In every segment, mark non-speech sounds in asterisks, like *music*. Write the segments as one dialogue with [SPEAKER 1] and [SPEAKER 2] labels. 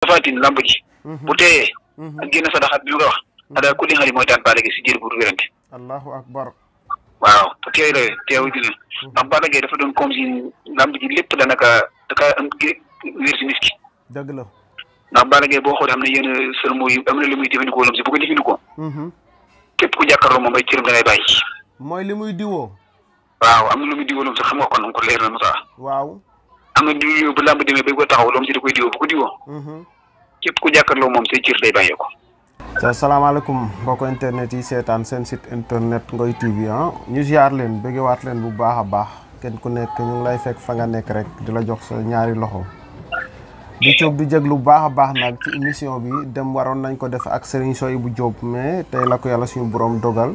[SPEAKER 1] Tafatin lamb ji. Mhm. bu teeyee. Mhm. a génn sadaxaat bi mu ko wax. Mhm. ada ku li xali mooy daan Balla Gaye si jër bu dul wérante.
[SPEAKER 2] allahu akbar.
[SPEAKER 1] waaw te teey la teewu dina. ndax Balla Gaye dafa doon comme si lamb ji lépp danaka da kaa am wér si nit ki. dëgg la. ndax Balla Gaye boo xoolee am na yenn sërmo yu am na lu muy jëfandikoo lam si bu ko jëfandikoo. képp ku jàkkaarloo moom ay cëram da ngay bàyyi.
[SPEAKER 2] mooy li muy am
[SPEAKER 1] na lu muy diwoo kon ko leer na Moussa. waaw. am na diw yow bu lamb demee bay ko taxaw loom ci da koy bu ko diwoo képp ku day
[SPEAKER 2] internet yi setan seen site internet ngoy ya, tv ah ñu ziar leen bëggewaat leen bu baax baax kenn ku nekk ñu lay fekk fa nga nekk rek di jox sa ñaari loxo di coob di jéglu bu baax a ci émission bi dem nañ ko def ak Serigne Soy bu mais la ko suñu borom dogal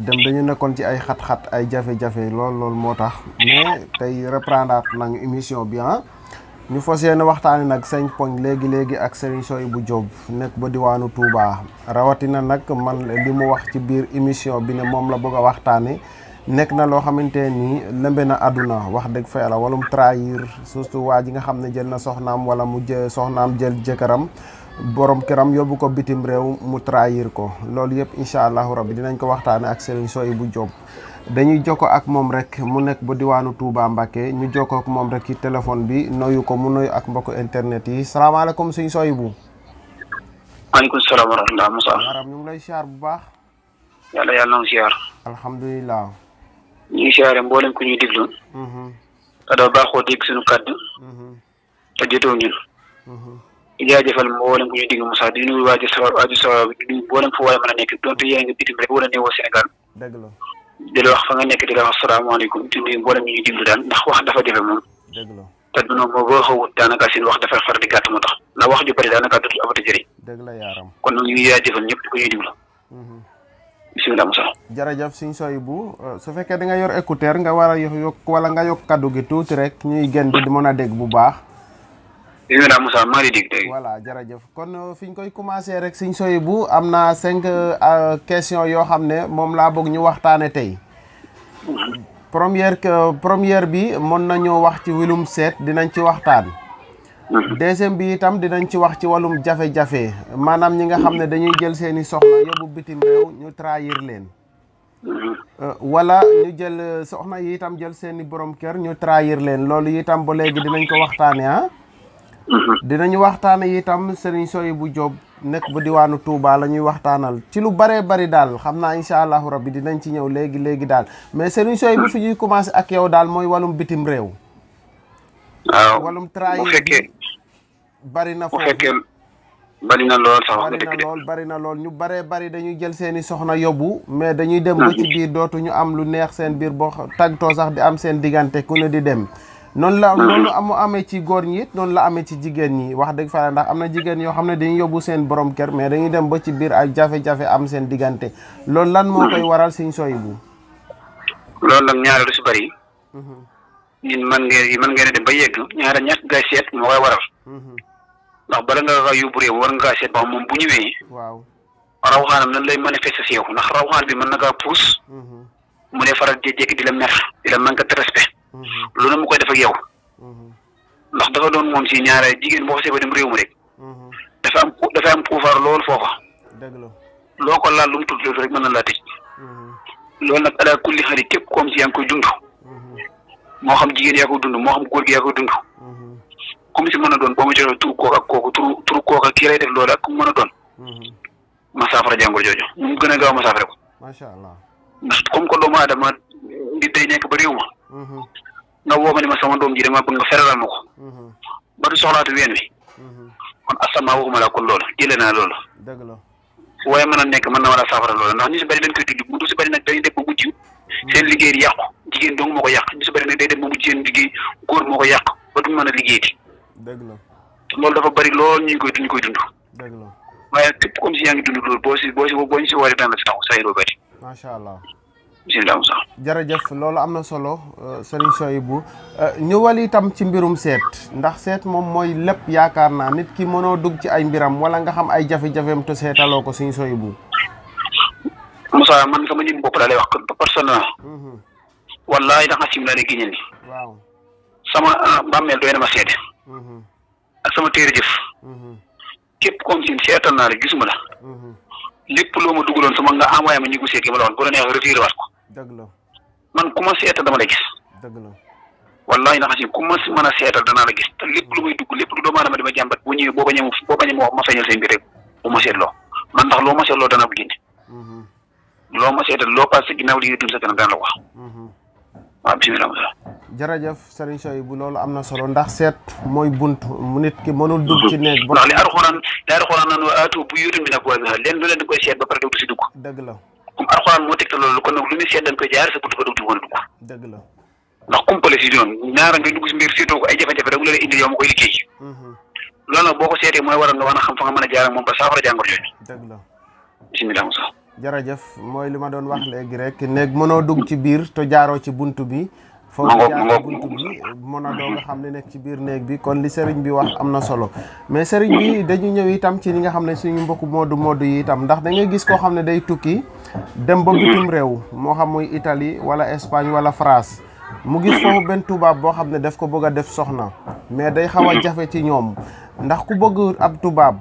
[SPEAKER 2] dem dañu nekkoon ci ay xat-xat ay jafe-jafe lool lool moo tax mais tey reprendre nañ émission bi ah ñu fas yéene waxtaani nag sëñ Poñ léegi léegi ak Serigne Souhaibou Diop nekk ba diwaanu Touba rawatina nag man li mu wax ci biir émission bi ne moom la bëgg a waxtaanee nekk na loo xamante ni lëmbe na àdduna wax dëgg fa la walum trahir surtout waa ji nga xam ne jël na soxnaam wala mu jë soxnaam jël jëkkëram. borom këram yóbbu ko bitim réew mu trahir ko lolou yëpp inshallah allahu rabbi dinañ ko waxtaane ak Serigne bu job dañuy joko ak mom rek mu nek bu diwanu Touba Mbacké ñu joko ak mom rek ci téléphone bi noyu ko mu noyu ak mbokk internet yi salaamaaleykum Serigne Sohibou maaleykum salaam wa rahmatulah Moussa Maram ñu ngi lay xiar bu baax yalla yàlla na siyaar alhamdulilah ñu ngi siyaare ko ku diglu
[SPEAKER 3] hmm
[SPEAKER 1] te doo baaxo dig suñu kàddu mhm. te jotoo hmm jaajëfal mboolem ku ñu dégg Moussa di nuyu waaji sawar waaji sawar bi di nuyu mboolem fu waaye nekk donte bitim rek wala di wax fa nga nekk di wax asalaamaaleykum di nuyu mboolem ñu ñu déglu daal ndax wax dafa jafe moom dëgg la te dunoo moo boo xawut daanaka seen wax dafa far di gàtt moo tax ndax wax ju bari daanaka dootul amati jëriñ
[SPEAKER 2] dëgg la yaaram
[SPEAKER 1] kon nag ñu ngi jaajëfal ñëpp ku ñuy déglu
[SPEAKER 2] bisimilah Moussa jërëjëf suñ soy bu su fekkee da nga yor écouteur nga a wala nga gi rek ñuy di mën a bu baax numéro Moussa Mali dig tey voilà jërëjëf kon euh, fi ñu koy commencé rek sëñ Soyibou am na cinq euh, questions yoo xam ne moom bëgg ñu première première bi mën nañoo wax ci wilum set, dinañ ci waxtaan mhm. deuxième bi tam dinañ ci wax ci wàllum jafe-jafe manam ñi nga xam ne dañuy jël seeni soxna yóbbu bitim réew ñu trahir leen wala mhm. euh, ñu jël soxna yi tam jël seeni borom kër ñu trahir leen loolu itam ba léegi dinañ ko ah. Mhm. dinañu waxtaane itam Serigne bu Diop nekk bu diwaanu Touba la ñuy waxtaanal ci lu bëree bari daal xam naa incha allahu rabbi dinañ ci ñëw léegi léegi daal mais Serigne Soyibou fi ñuy commencé ak yow daal mooy wàllum bitim réew. wallum wàllum trahi na foofu bari na lool sax bari na lool bari na lool ñu baree bari dañuy jël seeni soxna yóbbu mais dañuy dem ba mhm. ci biir dootuñu am lu neex seen biir boo tagtoo sax di am seen diggante ku ne di dem non la hmm. noonu amu amé ci gor ñi non la amé ci jigen ñi wax deug fa ndax amna jigen yo xamne xam ne dañuy yóbbu seen borom kër mais dañuy dem ba ci bir ak jafe-jafe am seen diggante lool lan mo koy waral sëñ sooy bu
[SPEAKER 1] lool nag ñaar lu si bëri ñin mhm. man ngeen man ngeen dem ba yegg ñaar ñak ga seet mo koy waral mhm. ndax bala nga ra yóbbu réew war nga seet ba mom bu ñëwee waaw rawxaanam nan lay manifester ci yow ndax rawxaan bi man nga pousse puus mhm. mu ne faral di jékki di mer dila la respect lu ne mu koy def ak yow ndax dafa doon moom si ñaare jigéen boo xasee ba dem réew mi rek dafa am dafa am pouvoir lool foofa loo ko laal lu mu tudd rek mën na laa tëj loolu nag ala kulli xarit képp koom si yaa ngi koy dund moo xam jigéen yaa koy dund moo xam góor gi yaa koy dund comme si mën a doon boo ma joxee tur kooku ak kooku tur tur kooku ak kii lay def loolu ak ku mën a doon mm-hmm. ma saafara jàngoro jooju mu gën a gaaw ma ko. macha allah nit day nekk ba réew ma mhm. nga woo ma ni ma sama doom ji dama bëgg nga feraral ma ko mhm. ba du soxlaatu ween wi mhm. kon asama waxuma laa kon loolu jëlee naa loolu waaye mën a nekk mën na war a saafara loolu ndax ñu si bëri dañ koy déglu bu du si bëri nag dañuy def ba mujj seen liggéey di yàqu jigéen dong moo ko yàq ñu si bëri nag day def ba u seen liggéey góor moo ko yàq ba duñ mën a liggéeyati loolu dafa bëri lool ñu koy dund koy dund waaye képp comme si yaa ngi dund loolu boo si boo si ñu si wooree daan la si taxu
[SPEAKER 2] saa yi jef, jërëjëf loolu am na solo euh, sëriñ Soyibou euh, ñëwal itam ci mbirum seet ndax seet moom mooy lépp yaakaar naa nit ki mënoo dugg ci ay mbiram wala nga xam ay jafe-jafeem te seetaloo ko sëriñ
[SPEAKER 1] Moussa man sama bopp mhm. wallahi sama ah, mhm. ak sama jëf. Mhm. képp la gisuma la. ma sama nga ko man ku ma seetal dama la gis wallahi na xasi ku ma si mën a seetal danaa la gis te lepp lu muy dugg lepp lu do aadama dama jàmbat bu ñëwee boo bañee boba ñewu ma wax ma feeñal seen bi rek bu ma seetloo man tax lo ma seetloo danaa ko hmm lo ma seetal lo passé ginaaw li yëtum sa kanam dana la wax hmm waaw bisimilah
[SPEAKER 2] jërëjëf serigne Soy bu lolu amna solo ndax set moy buntu mu nit ki mënul dugg ci neeg ba ndax li
[SPEAKER 1] arxuraan li arxuraan naan wa aatu bu yuutum bi nak wa leen len leen di koy seet ba pare dugg ci dugg deug la comme alxuraan moo tegtal loolu kon nag lu ñu seet dañ koy jaar sa buntu ba dugg ci woon dugg. dëgg la ndax kumpale si noonu ñaara nga dugg si mbir seetoo ko ay jafe-jafe rek la lay indi mhm. loolu nag boo ko seetee mooy waral nga war a xam fa nga mën a jaar moom ba saafara jàngor yooyu. dëgg la bisimilah Moussa.
[SPEAKER 2] jërëjëf mooy li ma doon wax léegi rek néeg mënoo dugg ci biir te jaaroo ci buntu bi foofu jaar buntu bi mën a doog nga xam ne nekk ci biir néeg bi kon li sëriñ bi wax am na solo mais sëriñ bi dañu ñëw itam ci li nga xam ne suñu mbokku moodu moodu yi itam ndax da gis koo xam ne day tukki dem ba bitim réew moo xam muy itali wala Espagne wala France mu gis foofu benn tubaab boo xam ne daf ko bëgg a def soxna mais day xaw a jafe ci ñoom ndax ku bëgg ab tubaab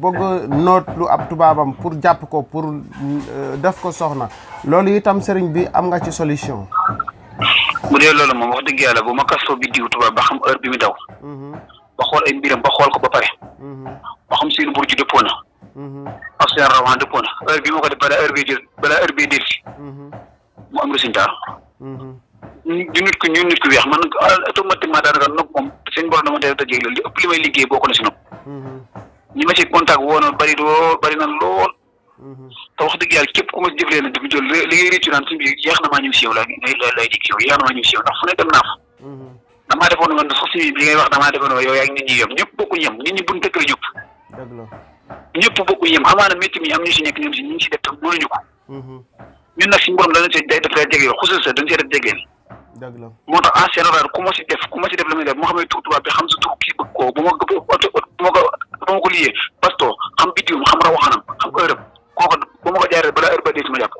[SPEAKER 2] bëgg noot lu ab tubaabam pour jàpp ko pour euh, def ko soxna loolu itam sëriñ bi am nga ci solution
[SPEAKER 1] bu dee loolu moom wax dëgg yàlla bu ma kastoo biddiw tubaab ba xam heure bi mu daw. Mhm. ba xool ay mbiram ba xool ko ba pare. Mhm. ba xam seen burju dëppoo na. Mhm. ak seen rawaan dëppoo na heure bi ma ko def balaa heure bee jël balaa heure bee del si. mu am résultat. du nit ku ñun nit ku weex man automatiquement daanaka nopp moom no borom dama teel a tëjee loolu li ëpp li may liggéey bokk na si nopp. ñi ma ci contact woo na bari lool bari na lool. te wax dëgg yàlla képp ku ma jëf leen dugg jël li ngay réccu naan suñu bi yéex na maa ñëw si yow la la lay dig si yow yéex na maa ñëw si yow ndax fu ne dem naa fa mhm. damaa defoon man sax si bi ngay wax damaa defoon yow yaa ngi nit ñi yem ñëpp bokkuñ yem nit ñi buñ tëkkale ñëpp ñëpp bokkuñ yem xamaa na métti mi am ñu si nekk ñoom si ñu ngi si def tam mënuñu ko mhm. ñun nag suñu borom danañ see day def lay jege xusul sa dañ see def jegeel moo tax en général ku ma si def ku ma si def la muy def moo xam ne tur tubaab bi xam sa tur kii bëgg ko bu ma ko bu ma ko liyee pasto xam bidiwum xam rawaxanam xam ërëm kuma ma ko jaaree balaa heure ba dee ci ma jàpp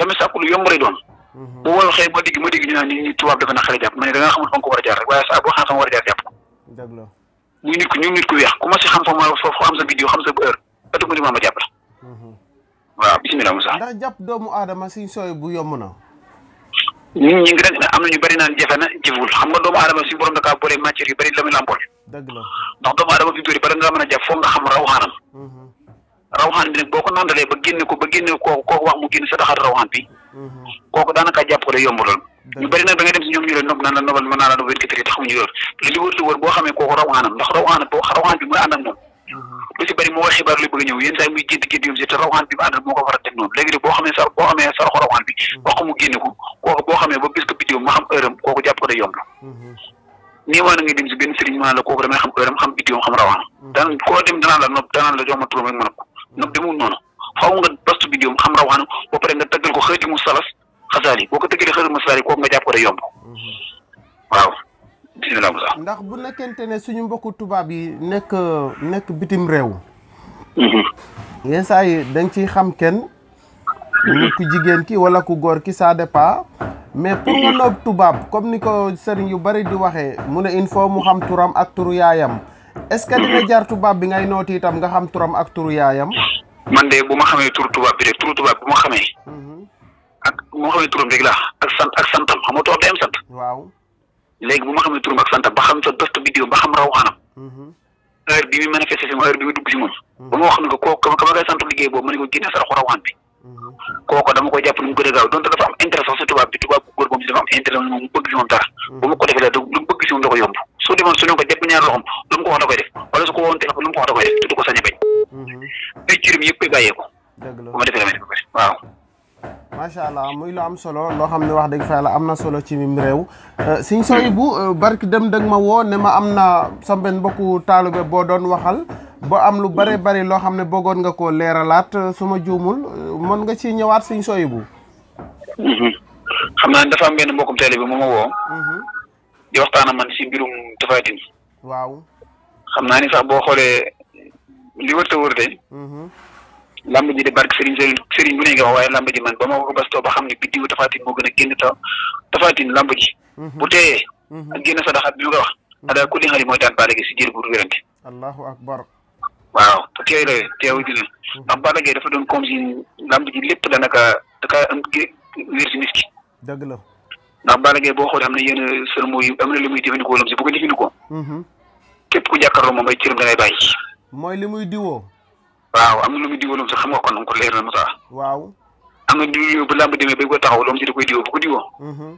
[SPEAKER 1] la mi sakku lu yomb lay doon mhm. bu wol xey ba dig ma dig ñu ni tubaab dafa na jàpp japp mané da nga xamul fa ko wara a jaar rek waaye saa boo xam fa wara war japp jaar
[SPEAKER 2] jàpp
[SPEAKER 1] muy nit ku ñu nit ku wex kuma ci xam fa ma fa am sa video xam sa heure ëttu ko ni ma japp la mhm.
[SPEAKER 2] waaw bismillah musa ndax japp doomu aadama suñ soy bu yom na nit ñi ngi
[SPEAKER 1] am na ñu bari naan jafe na jëful xam nga doomu aadama suñu borom da ka boole matière yu bari la mi muy làmbool ndax doomu aadama fi bari bala nga mëna japp fo nga xam raw xaanam mhm. rawxaan bi nag boo ko nandalee ba génne ko ba génne kooku kooku wax mu génn sa daxar rawxaan bi mhm. kooku daanaka jàpp ko day yomb mhm.
[SPEAKER 3] a
[SPEAKER 1] nii waa na nga dem si benn sëriñ ma la kooku damay xam heure xam bidéo xam rawxaan mhm. daan koo dem danaan la nopp danaan la jox rek ma nopp nag demul noonu faaw nga bastu bi diom xam rawaanu ba pare nga tëggal ko xëyti mu salas xasaali boo ko tëggalee xëyti mu salas yi kooku nga jàpp ko day yomb
[SPEAKER 2] waaw bisimilah bu nekkente ne suñu mbokku tubaab yi nekk nekk bitim réew mhm. yenn saa yi dañ ciy xam kenn mhm. ku jigéen ki wala ku góor ki ça dépend mais pour mu mhm. tubaab comme ni ko sëriñ yu bari di waxee mu ne il faut mu xam turam ak turu yaayam est-ce que dina jar tubaab bi ngay nooti itam nga xam turam ak turu yaayam
[SPEAKER 1] man de bu ma xamee turu tubaab bi rek turu tubaab bu ma xamee. Mhm. ak bu ma xamee turam rek laa ak sant ak santam xam nga tubaab day am sant. waaw léegi bu ma xamee turam ba xam sa dost ba xam raw xanam. Mhm. heure bi mi manifesté si moom heure bi mi dugg si moom. Mhm. ba ma wax ne ko kooku sant liggéey boobu ma ne ko génne saraxu rawaan bi. kooku dama koy jàpp lu mu gën a gaaw donte dafa am intérêt sax si tubaab bi tubaab bu góor moom si dafa am moom mu bëgg si moom dara. bu ma ko defee la lu mu bëgg si moom da ko yomb. su ko defoon suñu ko jàpp ñaar loxoom lu mu ko wax da koy def wala su ko woon téléphone mu ko wax koy def te du ko sañ bañ. ay mhm. juróom yëpp koy bàyyee ko. dëgg
[SPEAKER 3] la ma defee damay def ko waaw.
[SPEAKER 2] macha allah lu am solo loo xam ne wax dëgg fa am na solo ci mim réew euh, siñ sooy euh, dem dëgg ma woo ne ma am na sa benn mbokku taalube boo doon waxal ba am lu bare bari loo xam ne bëggoon nga koo leeralaat euh, su ma juumul mën nga ci ñëwaat siñ sooy bu
[SPEAKER 3] mhm. xam
[SPEAKER 2] naa dafa am benn mbokkum
[SPEAKER 1] taalube mu ma woo mhm. di waxtaan a man si mbirum Tapha Tine. waaw xam naa ni sax boo xoolee li wër te wër de. Mhm. lamb ji de barke Serigne Serigne bu ne nga wax waaye lamb ji man ba moo ko bastoo xam ne biddiwu Tapha Tine moo gën a génn ta Tapha Tine lamb ji. Mhm. bu teeyee. Mhm. ak génn sa daxaat bi nga wax. ada ku li mooy daan Balla Gaye si jël bu wérante.
[SPEAKER 2] allahu akbar.
[SPEAKER 1] waaw te teey la teewul dina ndax Balla dafa doon comme si lamb ji lépp danaka da kaa si nit ndax Balla boo xoolee am na yenn sërmo yu am na lu ko mhm. képp ku jàkkaarloo moom ay cëram da ngay bàyyi.
[SPEAKER 2] mooy li muy diwoo.
[SPEAKER 1] waaw am lu muy diwoo lam si xam nga kon nag ko leer na mu tax. waaw am na diw bu làmb demee ko taxaw loom si da koy diwoo bu ko diwoo. Mhm.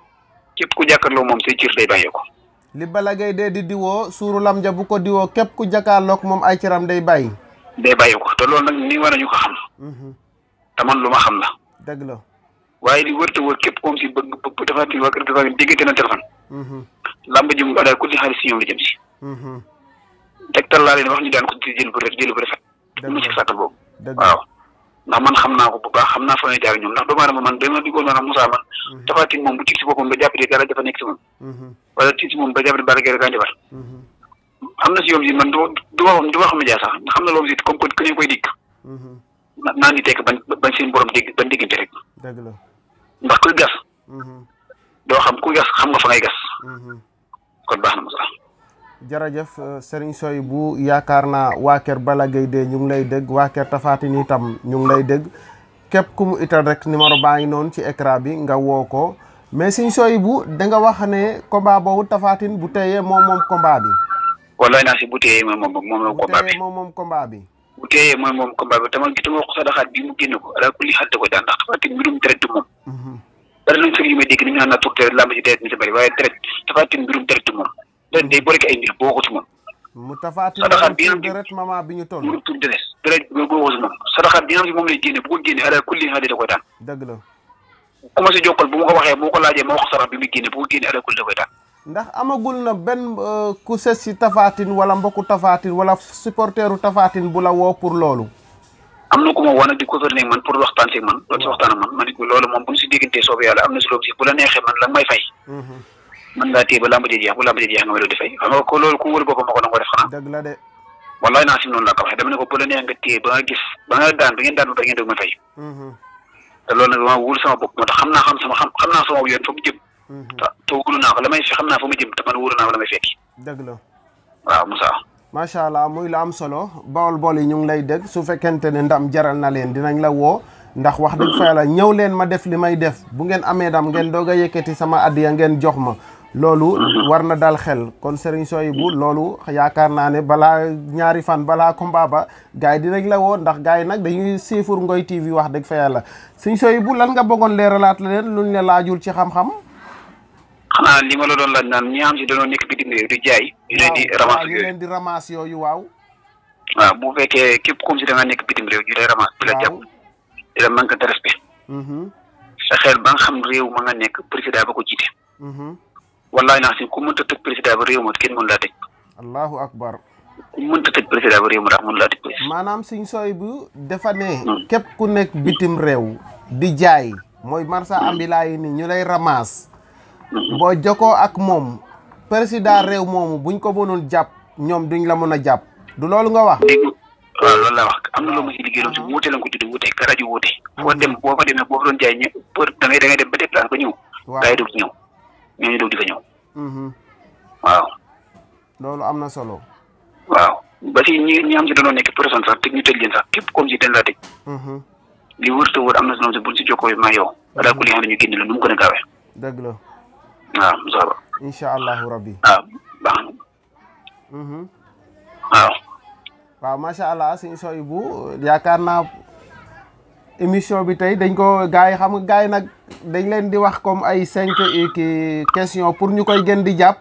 [SPEAKER 1] képp ku jàkkaarloo moom say cër day bàyyeeko.
[SPEAKER 2] li Balla Gaye dee di diwoo suuru lam ja bu ko diwoo képp ku jàkkaarloog moom ay cëram day bàyyi.
[SPEAKER 1] day bàyyi ko te loolu nag nii war nañu ko
[SPEAKER 2] xam. Mhm.
[SPEAKER 1] te man lu ma xam la. dagg la. waaye li wërta wër képp koom si bëgg dafa tin waa kër dafa tin déggante na téléphone mhm. làmb ji moom adaa kulli xaalis si la jëm si mhm. tegtal laa wax ni daan ko ci jël bu rafet jël bu rafet mu ndax man xam naa ko bu baax xam naa fa may jaar ñoom ndax doomu aadama man dama di ko naan Moussa man dafa mhm. tin moom bu tiit si boppam ba jàppale dara dafa nekk si moom wala tiit si moom ba jàppale bala gere kaa njabar am na si yoom si man du du waxam du wax média sax xam na loolu si comme que ñu koy dikk naan di tekk ban ban seen borom dégg ban
[SPEAKER 2] dëgg ndax kuy gas. Mhm.
[SPEAKER 1] doo xam
[SPEAKER 3] ku gas xam nga fa ngay gas. Mhm. kon baax na mos
[SPEAKER 2] jërëjëf euh, Serigne Soy bu yaakaar naa waa kër Balla Gaye de lay dégg waa kër Tafatini itam ñu ngi lay dégg képp ku mu ital rek numéro baa ngi noonu ci écran bi nga woo ko mais Serigne Soy bu da wax ne combat boobu Tafatine bu teyee moom moom combat bi.
[SPEAKER 1] walaay naa si bu teyee moom moom moom bi. وتيه ما مم كم بعده تمام كده ما قصده خد بيمو كينو على كل حد تقول ده نخ فاتي بروم ترد مم بس لو تقولي مديك نحن أنا توك ترد لامجي ترد نسي بري واي ترد تفاتي بروم ترد مم ده ده بوري كأني بوقو تمام
[SPEAKER 2] متفاتي صدق خد بيمو ترد ماما بينيتون
[SPEAKER 1] بروم ترد نس ترد بوقو تمام صدق خد بيمو بيمو مديك نبوق كينو على كل حد تقول ده دغلو كم سجوك البوم كواخي بوق الله جم قصده بيمو كينو بوق كينو على كل تقول ده
[SPEAKER 2] ndax amagul na benn euh, ku sës si tafaatin wala mbokku tafaatin wala supporteru tafaatin bu la woo pour loolu.
[SPEAKER 1] am na ku ma woon di gouverner man pour man doon si waxtaan man ma loolu moom bu ñu si déggantee soobee yàlla am na si loolu si bu la neexee man la may fay. Mm-hmm. man ngaa téye ba làmb ji jeex bu làmb ji jeex nga may doon di fay xam ko loolu ku wër boppam ma ko nangoo def xanaa. dëgg la de. wallaay naa si noonu laa ko waxee dama ne ba nga gis ba nga daan ba ngeen daan ba ngeen doog may fay. Mm-hmm. te sama bopp moo tax xam naa xam naa sama Mhm. te toogulu naa la may fi xam naa fa la dëgg la. waaw Moussa.
[SPEAKER 2] macha allah muy la am solo Bawol Bawol yi ñu ngi lay dégg su fekkente ne ndam jaral na leen dinañ la woo. ndax wax dëgg fa yàlla ñëw leen ma def li may def bu ngeen amee dam ngeen doog a yëkkati sama addiya ngeen jox ma. loolu mhm. war na dal xel kon Serigne bu loolu yaakaar naa ne balaa ñaari fan balaa combat ba gars yi dinañ la woo ndax gars yi nag dañuy siifur Ngoy TV wax dëgg fa yàlla Serigne Soyibou lan nga bëggoon leeralaat leen luñ la laajul ci xam xana li ma la doon laaj naan ñi am ci dañoo nekk bitim réew di jaay ñu leen di ramas yooyu leen di ramas yooyu waaw
[SPEAKER 1] waaw bu fekkee képp comme si da nga nekk bitim réew ñu lay ramas di la jàpp di la manque de respect mm-hmm. sa xel ba nga xam réew ma nga nekk président ba ko jiite mm-hmm. wallahi naa si ku mënta président ba réew ma kenn laa tëj
[SPEAKER 2] allahu akbar mënta
[SPEAKER 1] tëj président ba réew ma ndax mën laa tëj
[SPEAKER 2] maanaam suñ sooy bu dafa ne mm. képp ku nekk bitim réew di jaay mooy marsa ambila yi ni ñu lay ramas Mhm. boo jokkoo ak moom président réew moomu buñ ko mënul jàpp ñoom duñ la mën a jàpp du loolu nga wax. dégg
[SPEAKER 1] waaw loolu laa wax am na loo ma si liggéey si wuute la nga ko tuddee wuute rajo wuute. foo mhm. dem boo fa demee boo fa doon jaay ñëpp pour da ngay da ngay dem ba déplacé ba ñëw. waaw gaa yi doog di ñëw ñooñu doog di fa ñëw. Mhm. waaw.
[SPEAKER 2] loolu am na solo.
[SPEAKER 1] waaw ba si ñi ñi am si dañoo nekk personne sax teg ñu tëj leen sax képp comme si dañ laa tëj. li wër te wër am na si noonu si buñ si jokkoo yi maa yow. daal ku li xam ne ñu génn la nu
[SPEAKER 2] mu gën a gaawee. dëgg la. waaw incha allah. incha allahu rabbi. Mhm. waaw baax macha allah suñu sooy bu yaakaar naa émission bi tey dañ ko gars yi xam nga yi nag dañ leen di wax comme ay cinq kii question pour ñu koy gën di jàpp.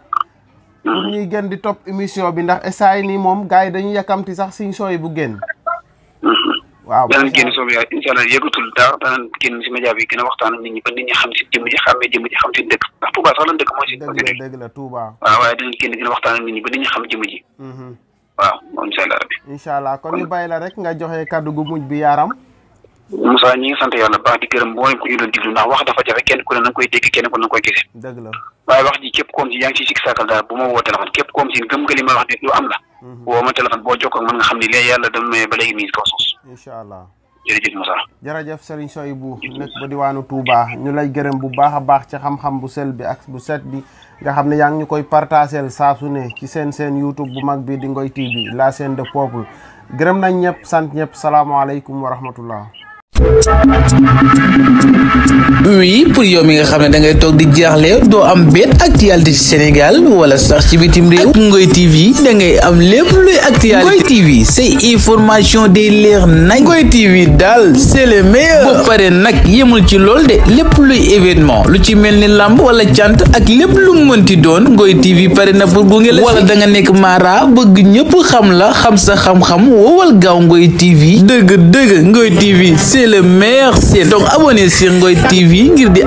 [SPEAKER 2] pour mhm. ñuy gën di topp émission bi ndax essai nii moom gars yi dañu yàkkamti sax suñu sooy bu génn. waaw danañ génn soobu yaay incha allah
[SPEAKER 1] yëgatul dara danañ génn si média bi gën a waxtaan ak nit ñi ba nit ñi xam si jëmm ji xàmmee xam si dëkk ndax Touba sax lan dëkk mooy si la Touba waaw a waxtaan ak
[SPEAKER 2] mm-hmm. gu mujj bi yaaram
[SPEAKER 1] Moussa ñi ngi sant yàlla ndax wax dafa jafe kenn ku ne na koy dégg kenn ku ne na koy gise dëgg la waaye wax ji képp koom si yaa ngi si sikk sàkkal daal bu ma woo téléphone képp koom si gëm nga li ma la mm-hmm. woo xam ne léegi yàlla dama may ba léegi mi kaw suuf incha allah jërëjëf Moussa.
[SPEAKER 2] jërëjëf Serigne Soyibou nekk ba diwaanu Touba ñu lay gërëm bu baax a baax ci xam-xam bu sel bi ak bu set bi nga xam ne yaa ngi ñu koy partagel saa su ne ci seen seen YouTube bu mag bi di Ngoy TV laa chaîne de peuple gërëm nañ ñëpp sant ñëpp salaamaaleykum wa rahmatullah
[SPEAKER 4] oui pour yow mi nga xam ne da ngay toog di jaaxle doo am benn actualité ci Sénégal wala sax ci bitim réew Ngoy TV da ngay am lépp luy actualité Ngoy TV say information day leer nañ Ngoy TV daal c'est le pare nag yemul ci lool de lépp luy événement lu ci mel ni làmb wala cant ak lépp lu mënti doon Ngoy TV pare na pour gunge la wala da nekk mara bëgg ñëpp xam la xam sa xam-xam wowal gaaw Ngoy TV dëgg dëgg Ngoy TV le meilleur c'est donc abonné sur Ngoy TV ngir di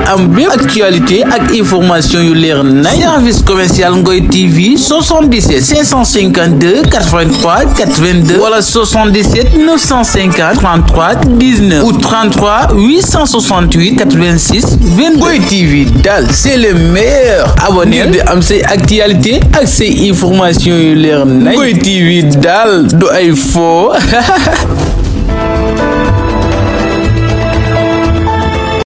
[SPEAKER 4] actualité et information yu leer service commercial Ngoy TV 77 552 83 82 Voilà, 77 950 33 19 ou 33 868 86 22 Ngoy TV Dal, c'est le meilleur abonné di am say actualité ak information yu leer TV *laughs*